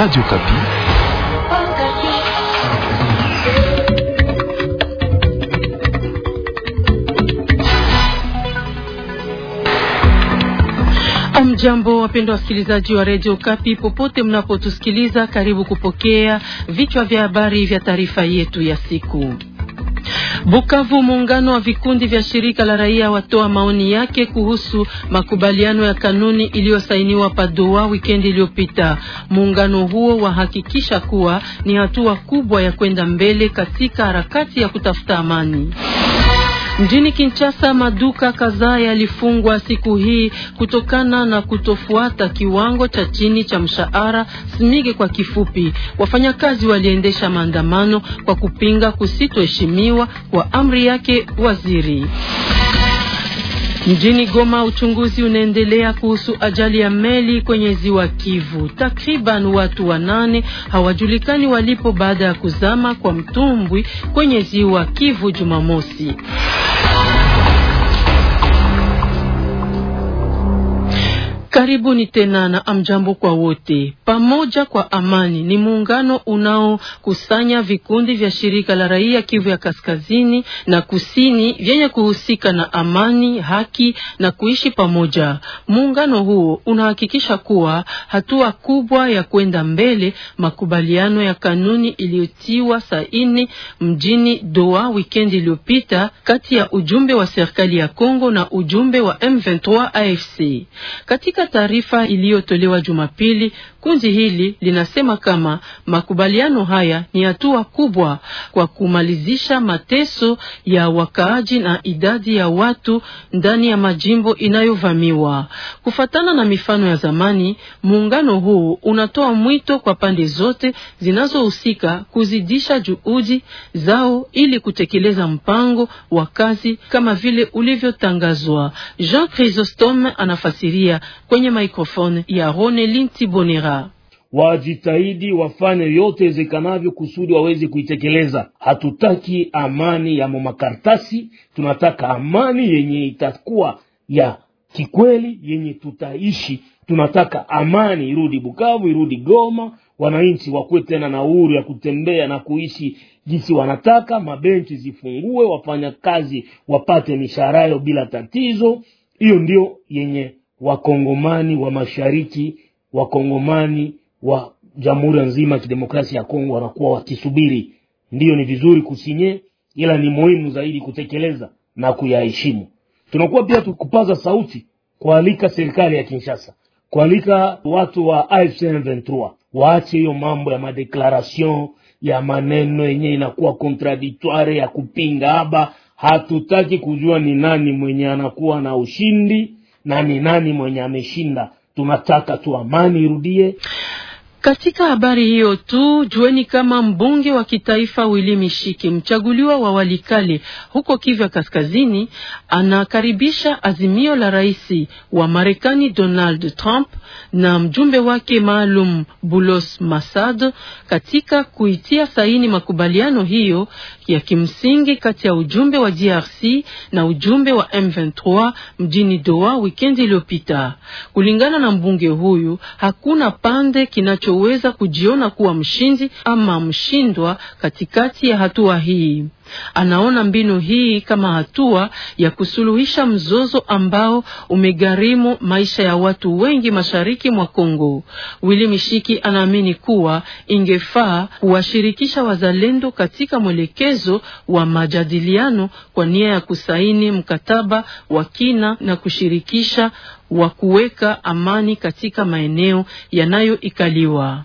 Radio Okapi. Jambo, wapendwa wasikilizaji wa redio Kapi popote mnapotusikiliza, karibu kupokea vichwa vya habari vya taarifa yetu ya siku. Bukavu, muungano wa vikundi vya shirika la raia watoa maoni yake kuhusu makubaliano ya kanuni iliyosainiwa Padoa wikendi iliyopita. Muungano huo wahakikisha kuwa ni hatua kubwa ya kwenda mbele katika harakati ya kutafuta amani. Mjini Kinshasa maduka kadhaa yalifungwa siku hii kutokana na kutofuata kiwango cha chini cha mshahara smige kwa kifupi. Wafanyakazi waliendesha maandamano kwa kupinga kusitoheshimiwa kwa amri yake waziri. Mjini Goma uchunguzi unaendelea kuhusu ajali ya meli kwenye ziwa Kivu. Takriban watu wanane hawajulikani walipo baada ya kuzama kwa mtumbwi kwenye ziwa Kivu Jumamosi. Karibuni tena na amjambo kwa wote. Pamoja kwa amani ni muungano unaokusanya vikundi vya shirika la raia Kivu ya kaskazini na kusini vyenye kuhusika na amani, haki na kuishi pamoja. Muungano huo unahakikisha kuwa hatua kubwa ya kwenda mbele makubaliano ya kanuni iliyotiwa saini mjini Doha wikendi iliyopita kati ya ujumbe wa serikali ya Kongo na ujumbe wa M23 AFC. Katika taarifa iliyotolewa Jumapili, kundi hili linasema kama makubaliano haya ni hatua kubwa kwa kumalizisha mateso ya wakaaji na idadi ya watu ndani ya majimbo inayovamiwa. Kufatana na mifano ya zamani, muungano huu unatoa mwito kwa pande zote zinazohusika kuzidisha juhudi zao ili kutekeleza mpango wa kazi kama vile ulivyotangazwa. Jean Chrysostome anafasiria kwenye kwenye maikrofoni ya Linti Bonera. Wajitahidi wafanye yote wezekanavyo kusudi waweze kuitekeleza. Hatutaki amani ya makaratasi, tunataka amani yenye itakuwa ya kikweli, yenye tutaishi. Tunataka amani irudi Bukavu, irudi Goma, wananchi wakuwe tena na uhuru ya kutembea na kuishi jinsi wanataka, mabenchi zifungue, wafanya kazi wapate mishahara yao bila tatizo. Hiyo ndio yenye wakongomani wa mashariki, wakongomani wa jamhuri nzima ya kidemokrasia ya Kongo wanakuwa wakisubiri. Ndiyo, ni vizuri kusinye, ila ni muhimu zaidi kutekeleza na kuyaheshimu. Tunakuwa pia tukupaza sauti kualika serikali ya Kinshasa, kualika watu wa AFC M23 waache hiyo mambo ya madeklarasyon ya maneno yenye inakuwa kontradiktware ya kupinga haba. Hatutaki kujua ni nani mwenye anakuwa na ushindi na ni nani mwenye ameshinda. Tunataka tu amani irudie katika habari hiyo tu jueni kama mbunge wa kitaifa Willy Mishiki mchaguliwa wa Walikale huko Kivu Kaskazini anakaribisha azimio la rais wa Marekani Donald Trump na mjumbe wake maalum Bulos Masad katika kuitia saini makubaliano hiyo ya kimsingi kati ya ujumbe wa DRC na ujumbe wa M23 mjini Doha wikendi iliyopita. Kulingana na mbunge huyu, hakuna pande kinacho kinachoweza kujiona kuwa mshindi ama mshindwa katikati ya hatua hii. Anaona mbinu hii kama hatua ya kusuluhisha mzozo ambao umegharimu maisha ya watu wengi mashariki mwa Kongo. Willy Mishiki anaamini kuwa ingefaa kuwashirikisha wazalendo katika mwelekezo wa majadiliano kwa nia ya kusaini mkataba wa kina na kushirikisha wa kuweka amani katika maeneo yanayoikaliwa.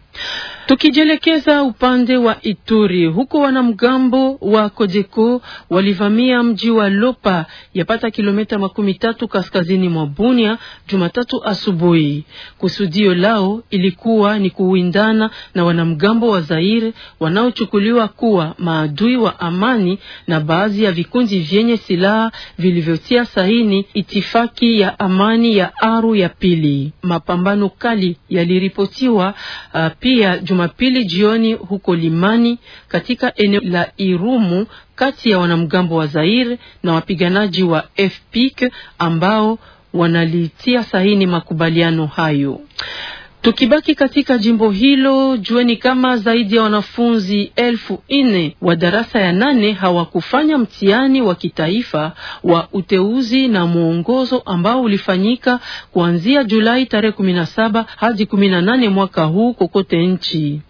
Tukijielekeza upande wa Ituri, huko wanamgambo wa Kodeko walivamia mji wa Lopa yapata kilomita makumi tatu kaskazini mwa Bunia Jumatatu asubuhi. Kusudio lao ilikuwa ni kuwindana na wanamgambo wa Zaire wanaochukuliwa kuwa maadui wa amani na baadhi ya vikundi vyenye silaha vilivyotia saini itifaki ya amani ya Aru ya pili. Mapambano kali yaliripotiwa uh, pia Jumapili jioni huko Limani katika eneo la Irumu kati ya wanamgambo wa Zaire na wapiganaji wa FPIC ambao wanalitia sahini makubaliano hayo. Tukibaki katika jimbo hilo, jueni kama zaidi ya wanafunzi elfu nne wa darasa ya nane hawakufanya mtihani wa kitaifa wa uteuzi na mwongozo ambao ulifanyika kuanzia Julai tarehe 17 hadi 18 mwaka huu kokote nchi.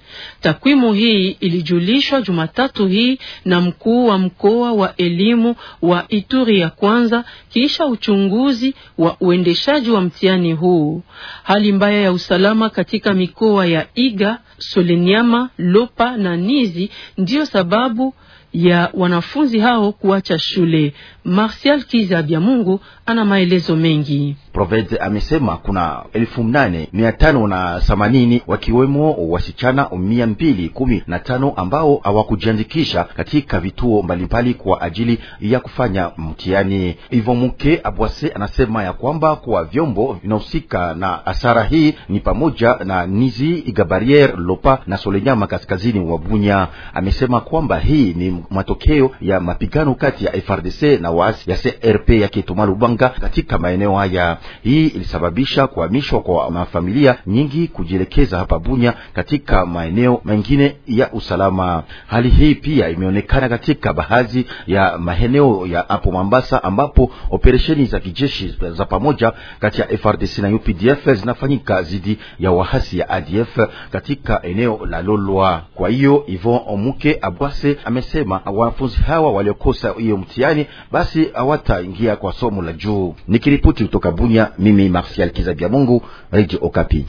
Takwimu hii ilijulishwa Jumatatu hii na mkuu wa mkoa wa elimu wa Ituri ya kwanza kisha uchunguzi wa uendeshaji wa mtihani huu. Hali mbaya ya usalama katika mikoa ya Iga, Solenyama, Lopa na Nizi ndiyo sababu ya wanafunzi hao kuacha shule. Martial Kizabya Mungu ana maelezo mengi. Proved amesema kuna elfu mnane mia tano na themanini wakiwemo wasichana mia mbili kumi na tano ambao hawakujiandikisha katika vituo mbalimbali kwa ajili ya kufanya mtihani. Hivyo Muke Abwase anasema ya kwamba kwa vyombo vinahusika na hasara hii ni pamoja na Nizi Gabariere Lopa na Solenyama kaskazini wa Bunya. Amesema kwamba hii ni matokeo ya mapigano kati ya FRDC na waasi ya CRP ya Ketoma Lubanga katika maeneo haya. Hii ilisababisha kuhamishwa kwa mafamilia nyingi kujielekeza hapa Bunya katika maeneo mengine ya usalama. Hali hii pia imeonekana katika baadhi ya maeneo ya hapo Mambasa, ambapo operesheni za kijeshi za pamoja kati ya FRDC na UPDF zinafanyika dhidi ya wahasi ya ADF katika eneo la Lolwa. Kwa hiyo yvon Omuke Abwase amesema wanafunzi hawa waliokosa hiyo mtihani basi hawataingia kwa somo la juu. Nikiripoti kutoka Bunya. Bunya. Mimi Martial Kizabia Mungu, Radio Okapi.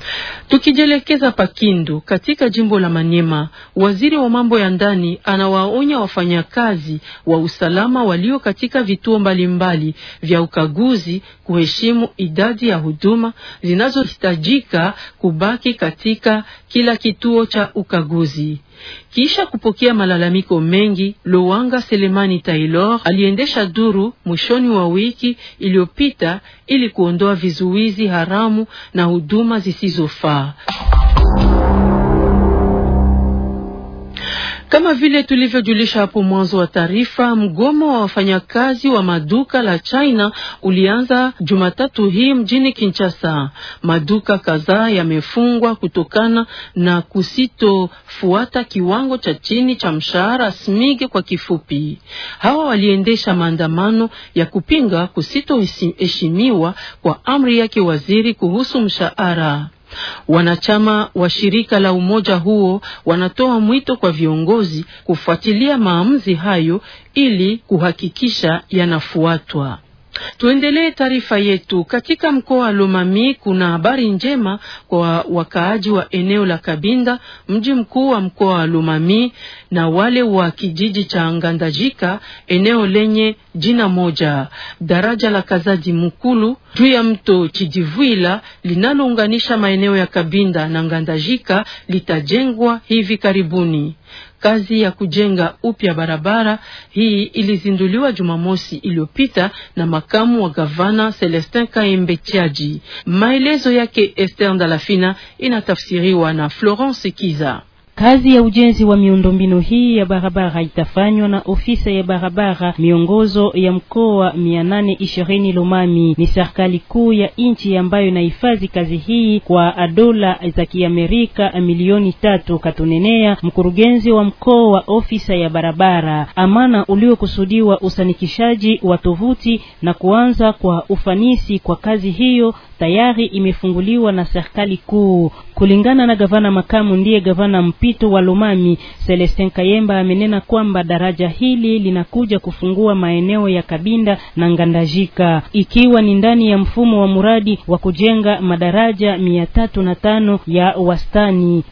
Tukijielekeza Pakindu katika jimbo la Manyema, waziri wa mambo ya ndani anawaonya wafanyakazi wa usalama walio katika vituo mbalimbali vya ukaguzi kuheshimu idadi ya huduma zinazohitajika kubaki katika kila kituo cha ukaguzi. Kisha kupokea malalamiko mengi, Lowanga Selemani Taylor aliendesha duru mwishoni wa wiki iliyopita ili kuondoa vizuizi haramu na huduma zisizofaa. Kama vile tulivyojulisha hapo mwanzo wa taarifa, mgomo wa wafanyakazi wa maduka la China ulianza Jumatatu hii mjini Kinshasa. Maduka kadhaa yamefungwa kutokana na kusitofuata kiwango cha chini cha mshahara SMIG kwa kifupi. Hawa waliendesha maandamano ya kupinga kusitoheshimiwa kwa amri yake waziri kuhusu mshahara. Wanachama wa shirika la umoja huo wanatoa mwito kwa viongozi kufuatilia maamuzi hayo ili kuhakikisha yanafuatwa. Tuendelee taarifa yetu katika mkoa wa Lomami. Kuna habari njema kwa wakaaji wa eneo la Kabinda, mji mkuu wa mkoa wa Lomami, na wale wa kijiji cha Ngandajika, eneo lenye jina moja. Daraja la Kazadi Mukulu juu ya mto Chidivuila linalounganisha maeneo ya Kabinda na Ngandajika litajengwa hivi karibuni kazi ya kujenga upya barabara hii ilizinduliwa Jumamosi iliyopita na makamu wa gavana Celestin Kaembe Maelezo yake Esther dalafina inatafsiriwa na Florence Kiza. Kazi ya ujenzi wa miundombinu hii ya barabara itafanywa na ofisa ya barabara miongozo ya mkoa 820 Lomami. Ni serikali kuu ya nchi ambayo inahifadhi kazi hii kwa dola za Kiamerika milioni tatu, katunenea mkurugenzi wa mkoa wa ofisa ya barabara. Amana uliokusudiwa usanikishaji wa tovuti na kuanza kwa ufanisi kwa kazi hiyo tayari imefunguliwa na serikali kuu, kulingana na gavana makamu, ndiye gavana mpi mpito wa Lomami. Celestin Kayemba amenena kwamba daraja hili linakuja kufungua maeneo ya Kabinda na Ngandajika, ikiwa ni ndani ya mfumo wa mradi wa kujenga madaraja mia tatu na tano ya wastani.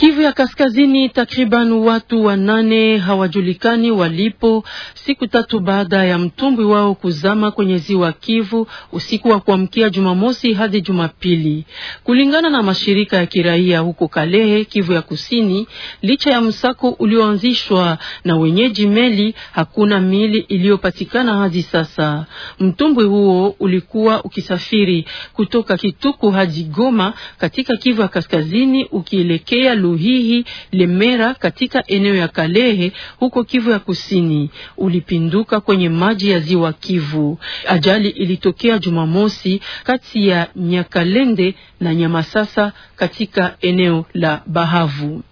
Kivu ya Kaskazini, takriban watu wanane hawajulikani walipo siku tatu baada ya mtumbwi wao kuzama kwenye ziwa Kivu usiku wa kuamkia Jumamosi hadi Jumapili, kulingana na mashirika ya kiraia huko Kalehe, Kivu ya Kusini. Licha ya msako ulioanzishwa na wenyeji meli, hakuna mili iliyopatikana hadi sasa. Mtumbwi huo ulikuwa ukisafiri kutoka Kituku hadi Goma katika Kivu ya Kaskazini ukielekea Luhihi, Lemera katika eneo ya Kalehe huko Kivu ya Kusini ulipinduka kwenye maji ya Ziwa Kivu. Ajali ilitokea Jumamosi kati ya Nyakalende na Nyamasasa katika eneo la Bahavu.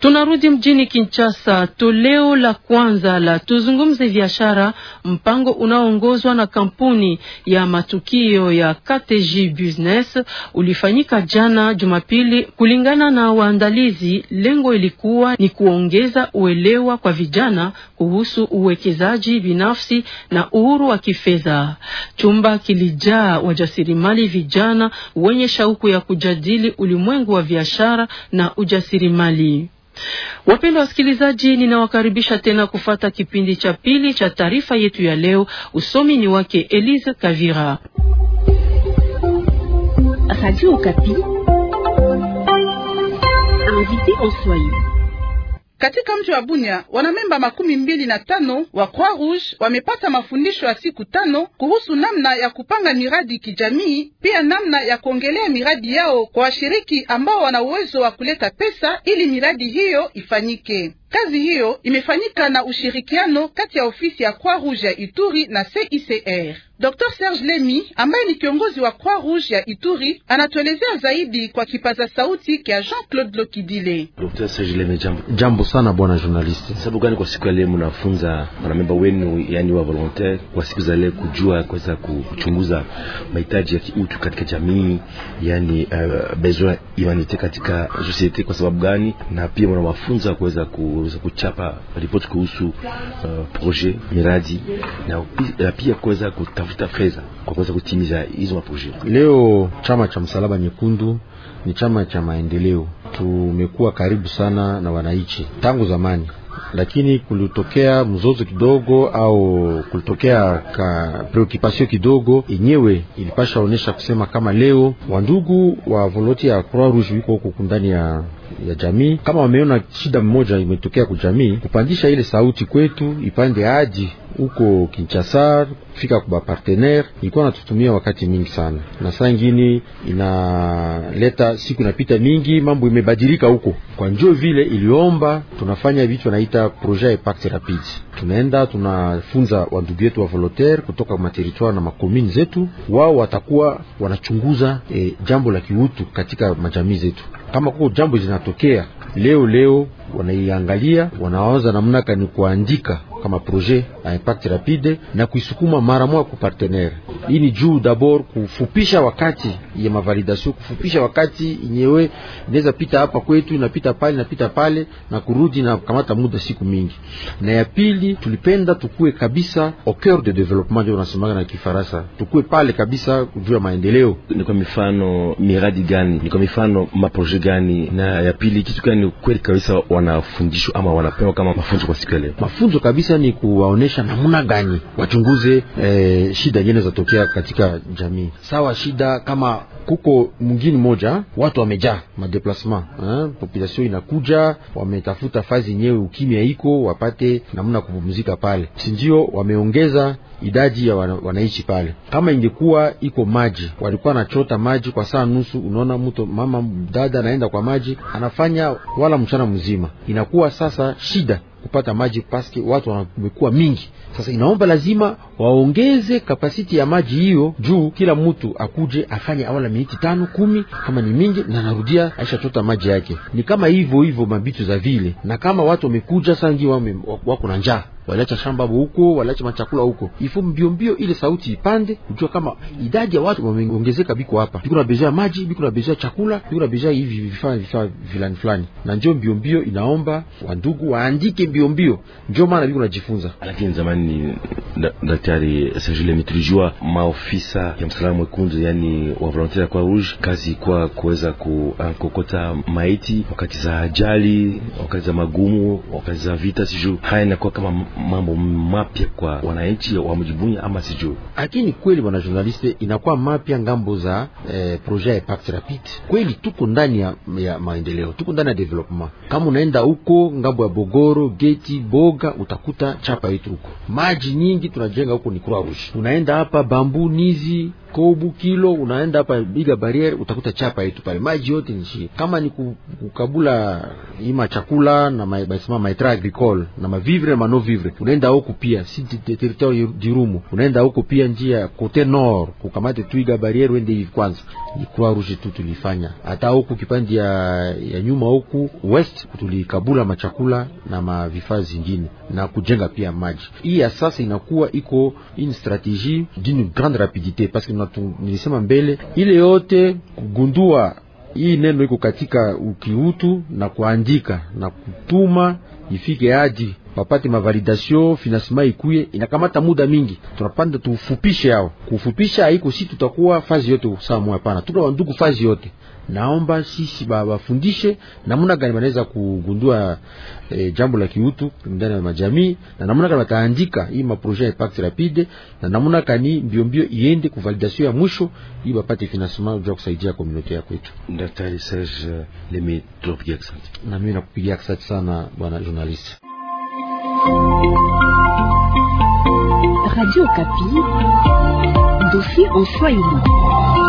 Tunarudi mjini Kinshasa. Toleo la kwanza la tuzungumze biashara, mpango unaoongozwa na kampuni ya matukio ya KTG Business ulifanyika jana Jumapili. Kulingana na waandalizi, lengo ilikuwa ni kuongeza uelewa kwa vijana kuhusu uwekezaji binafsi na uhuru wa kifedha. Chumba kilijaa wajasirimali vijana wenye shauku ya kujadili ulimwengu wa biashara na ujasirimali Wapenda wasikilizaji, ninawakaribisha tena kufata kipindi cha pili cha taarifa yetu ya leo. Usomi ni wake Elise Kavira. Radio Okapi. Invité en Swahili. Katika mji wa Bunya wanamemba makumi mbili na tano wa Croix Rouge wamepata mafundisho ya siku tano kuhusu namna ya kupanga miradi kijamii, pia namna ya kuongelea miradi yao kwa washiriki ambao wana uwezo wa kuleta pesa ili miradi hiyo ifanyike. Kazi hiyo imefanyika na ushirikiano kati ya ofisi ya Croix Rouge ya Ituri na CICR. Dr. Serge Lemi ambaye ni kiongozi wa Croix Rouge ya Ituri anatuelezea zaidi kwa kipaza sauti kya Jean-Claude Lokidile. Dr. Serge Lemi, jambo. Jambo sana bwana journalist. Sababu gani kwa siku ya leo mnafunza wanamemba wenu yani wa volontaire kwa siku za leo kujua kuweza kuchunguza mahitaji ya kiutu katika jamii yani uh, besoin humanite katika societe kwa sababu gani, na pia mnawafunza kuweza kuchapa ripoti kuhusu uh, projet miradi na pia kuweza kuta kutafuta fedha kwa kuweza kutimiza hizo maproje. Leo chama cha Msalaba Nyekundu ni chama cha maendeleo, tumekuwa karibu sana na wananchi tangu zamani lakini kulitokea mzozo kidogo au kulitokea ka preokipasio kidogo, yenyewe ilipasha onyesha kusema kama leo wandugu wa voloti ya Croix Rouge wiko huko ndani ya ya jamii, kama wameona shida mmoja imetokea kwa jamii, kupandisha ile sauti kwetu ipande aji huko Kinshasa kufika kwa partenaire ilikuwa natutumia wakati mingi sana, na saa ingine inaleta siku inapita mingi, mambo imebadilika huko. Kwa njoo vile iliomba tunafanya vitu anaita projet impact rapide, tunaenda tunafunza wandugu yetu wa volontaire kutoka materitware na makomini zetu, wao watakuwa wanachunguza e, jambo la kiutu katika majamii zetu. Kama kuko jambo zinatokea leo leo, wanaiangalia wanaanza namna kani kuandika kama projet a impact rapide na kuisukuma mara moja ku partenaire. Hii ni juu dabord kufupisha wakati ya mavalidation, kufupisha wakati yenyewe inaweza pita hapa kwetu inapita pale inapita pale na kurudi na kamata muda siku mingi. Na ya pili, tulipenda tukue kabisa au cœur de développement, ndio unasemaga na Kifaransa, tukue pale kabisa juu ya maendeleo. Ni kwa mifano miradi gani, ni kwa mifano maproje gani? Na ya pili, kitu gani kweli kabisa wanafundishwa ama wanapewa kama mafunzo kwa siku ya leo? Mafunzo kabisa ni kuwaonesha namna gani wachunguze eh, shida nyingine zatokea katika jamii. Sawa, shida kama kuko mgini moja watu wamejaa madeplasma, population inakuja, wametafuta fazi nyewe, ukimya iko wapate namna kupumzika pale, sindio? Wameongeza idadi ya wana, wanaishi pale. Kama ingekuwa iko maji, walikuwa anachota maji kwa saa nusu. Unaona, mtu mama dada anaenda kwa maji anafanya wala mchana mzima, inakuwa sasa shida kupata maji paske watu wamekuwa mingi. Sasa inaomba lazima waongeze kapasiti ya maji hiyo, juu kila mtu akuje afanye awala miiti tano kumi, kama ni mingi na narudia aishachota maji yake. Ni kama hivyo hivyo mabitu za vile, na kama watu wamekuja sangi wame, wako na njaa waliacha shamba huko, waliacha machakula huko, ifo mbio mbio ile sauti ipande, kujua kama idadi ya watu wameongezeka. Biko hapa biko na beja maji, biko na beja chakula, biko na beja hivi vifaa vifaa vilani fulani, na njoo mbio mbio inaomba wandugu waandike mbio mbio, njoo maana biko najifunza. Lakini zamani ni daktari Serge Mitrijua, maofisa ya msalama mwekundu, yani wa volontaire kwa rouge, kazi kwa kuweza kukokota maiti wakati za ajali, wakati za magumu, wakati za vita, sijuu haya inakuwa kama mambo mapya kwa wananchi wa mjibunya ama sijui. Lakini kweli bwana journaliste, inakuwa mapya ngambo za eh, projet ya impact rapide. Kweli tuko ndani ya, ya maendeleo, tuko ndani ya development. Kama unaenda huko ngambo ya Bogoro, Geti, Boga utakuta chapa yetu huko, maji nyingi tunajenga huko ni Croix Rouge. Unaenda hapa Bambu, Nizi, Kobu, Kilo, unaenda hapa Biga Barriere utakuta chapa yetu pale. Maji yote ni shii. kama ni kukabula ima chakula na ma, maitra agricole na mavivre na ma, ma, Bwire, unaenda huko pia si territoire Rumu, unaenda huko pia njia kote nord kukamate Twiga barriere wende hivi. Kwanza ni kwa rouge tu tulifanya, hata huku kipande ya, ya nyuma huku west tulikabula machakula na mavifaa zingine na kujenga pia maji. Hii ya sasa inakuwa iko in strategy d'une grande rapidite, parce que nilisema mbele ile yote kugundua hii neno iko katika ukiutu na kuandika na kutuma ifike hadi wapate mavalidation finansima ikuye, inakamata muda mingi, tunapanda tufupishe yao. Kufupisha haiko si tutakuwa fazi yote saa moja, hapana, tuna wandugu fazi yote. Naomba sisi bawafundishe namuna gani wanaweza kugundua e, jambo la kiutu ndani ya majamii na namuna gani wataandika hii maproje ya impact rapide na namuna gani mbio mbio iende kuvalidation ya mwisho ili bapate financement ya kusaidia community ya kwetu. Daktari Serge Lemaitre, na mimi nakupigia asante sana bwana journalist. Radio Okapi, dossier en humain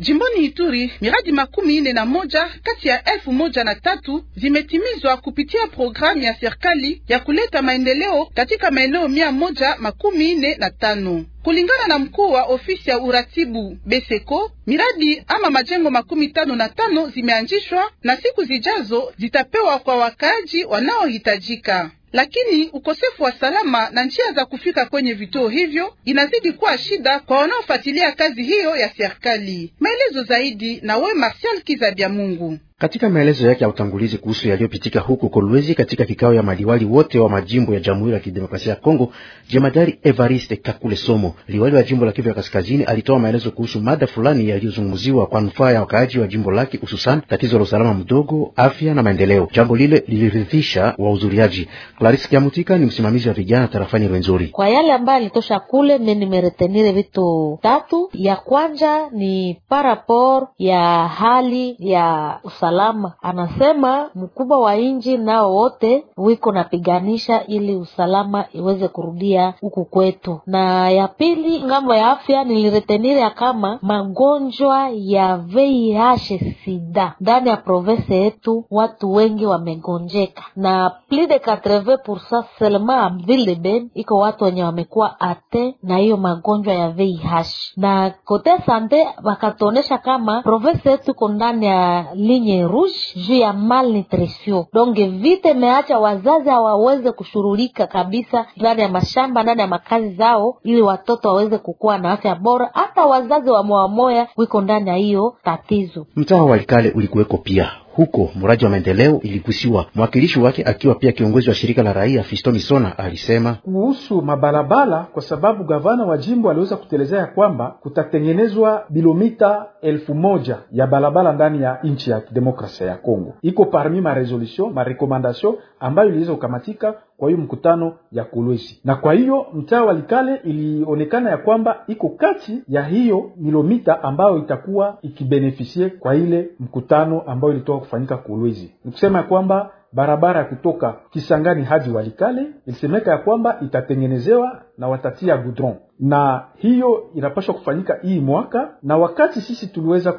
Jimboni Ituri miradi makumi ine na moja kati ya elfu moja na tatu zimetimizwa kupitia programu ya serikali ya kuleta maendeleo katika maeneo mia moja makumi ine na tano kulingana na mkuu wa ofisi ya uratibu Beseko. Miradi ama majengo makumi tano na tano zimeanzishwa na siku zijazo zitapewa kwa wakaaji wanaohitajika lakini ukosefu wa salama na njia za kufika kwenye vituo hivyo inazidi kuwa shida kwa wanaofuatilia kazi hiyo ya serikali. Maelezo zaidi na we Martial Kizabia Mungu. Katika maelezo yake ya utangulizi kuhusu yaliyopitika huko Kolwezi katika kikao ya maliwali wote wa majimbo ya Jamhuri ya Kidemokrasia ya Kongo, jemadari Evariste Kakule Somo, liwali wa jimbo la Kivu ya Kaskazini, alitoa maelezo kuhusu mada fulani yaliyozungumziwa kwa nufaa ya wakaaji wa jimbo lake, hususan tatizo la usalama mdogo, afya na maendeleo. Jambo lile liliridhisha wahudhuriaji. Clarisse Kiamutika ni msimamizi wa vijana tarafani Rwenzori. Kwa yale ambayo alitosha kule, mimi nimeretenire vitu tatu. Ya kwanza ni parapor ya hali ya usalama usalama. Anasema mkubwa wa nji nao wote wiko napiganisha ili usalama iweze kurudia huku kwetu. Na ya pili, ngambo ya afya niliretenire ya kama magonjwa ya VIH sida ndani ya province yetu watu wengi wamegonjeka, na plus de 80% seulement ville de iko watu wenye wamekuwa ate na hiyo magonjwa ya VIH, na kote sante wakatuonesha kama province yetu iko ndani ya linye Khmer Rouge juu ya malnutrition. Donge vita imeacha wazazi hawaweze kushughulika kabisa ndani ya mashamba, ndani ya makazi zao, ili watoto waweze kukua na afya bora. Hata wazazi wa moyamoya wiko ndani ya hiyo tatizo. Mtaa wa Walikale ulikuweko pia huko mradi wa maendeleo iligusiwa. Mwakilishi wake akiwa pia kiongozi wa shirika la raia Fistoni Misona alisema kuhusu mabarabara, kwa sababu gavana wa jimbo aliweza kutelezea ya kwamba kutatengenezwa bilomita elfu moja ya barabara ndani ya nchi ya demokrasia ya Kongo, iko parmi ma resolution ma recommandation ambayo iliweza kukamatika kwa hiyo mkutano ya Kolwezi, na kwa hiyo mtaa wa Likale ilionekana ya kwamba iko kati ya hiyo milomita ambayo itakuwa ikibenefisie kwa ile mkutano ambayo ilitoka kufanyika Kolwezi. Ni kusema ya kwamba barabara ya kutoka Kisangani hadi Walikale ilisemeka ya kwamba itatengenezewa na watatia goudron na hiyo inapaswa kufanyika hii mwaka, na wakati sisi tuliweza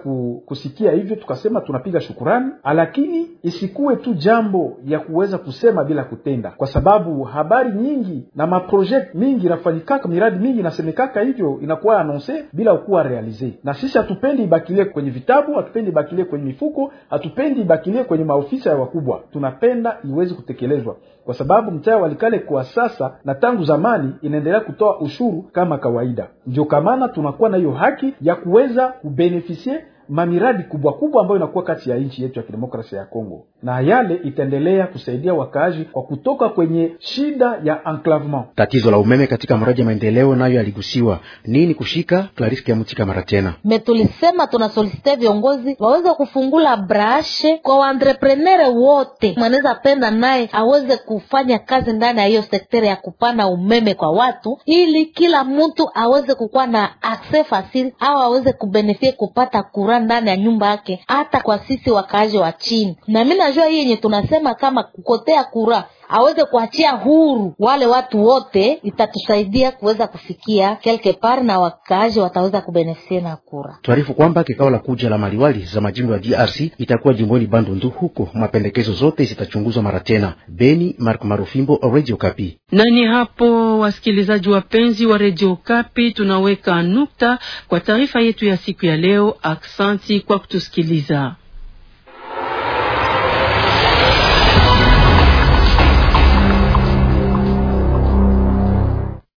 kusikia hivyo, tukasema tunapiga shukurani, lakini isikuwe tu jambo ya kuweza kusema bila kutenda, kwa sababu habari nyingi na maprojet mingi inafanyikaka, miradi mingi inasemekaka hivyo, inakuwa anonse bila kuwa realize. Na sisi hatupendi ibakilie kwenye vitabu, hatupendi ibakilie kwenye mifuko, hatupendi ibakilie kwenye maofisa ya wakubwa, tunapenda iweze kutekelezwa, kwa sababu mtaa Walikale kwa sasa na tangu zamani inaendelea kutoa ushuru kama kama kawaida. Ndio kamana tunakuwa na hiyo haki ya kuweza kubenefisie mamiradi kubwa kubwa ambayo inakuwa kati ya nchi yetu ya kidemokrasia ya Kongo, na yale itaendelea kusaidia wakaaji kwa kutoka kwenye shida ya enclavement. Tatizo la umeme katika mradi ya maendeleo nayo yaligusiwa. Nini kushika Clarisse Kiamuchika mara tena metulisema, tunasolisite viongozi waweze kufungula brashe kwa waantreprenere wote, mwanaweza penda naye aweze kufanya kazi ndani ya hiyo sekteri ya kupana umeme kwa watu, ili kila mtu aweze kukuwa na akse fasili au aweze kubenefie kupata kura ndani ya nyumba yake, hata kwa sisi wakaaji wa chini. Na mimi najua hii yenye tunasema kama kukotea kura aweze kuachia huru wale watu wote, itatusaidia kuweza kufikia quelque part na wakaaji wataweza kubenefisia na kura. Tuarifu kwamba kikao la kuja la maliwali za majimbo ya DRC itakuwa jimboni Bandundu, huko mapendekezo zote zitachunguzwa mara tena. Beni, Mark Marufimbo, Radio Kapi. ni hapo, wasikilizaji wapenzi wa Radio Kapi, tunaweka nukta kwa taarifa yetu ya siku ya leo. Aksanti kwa kutusikiliza.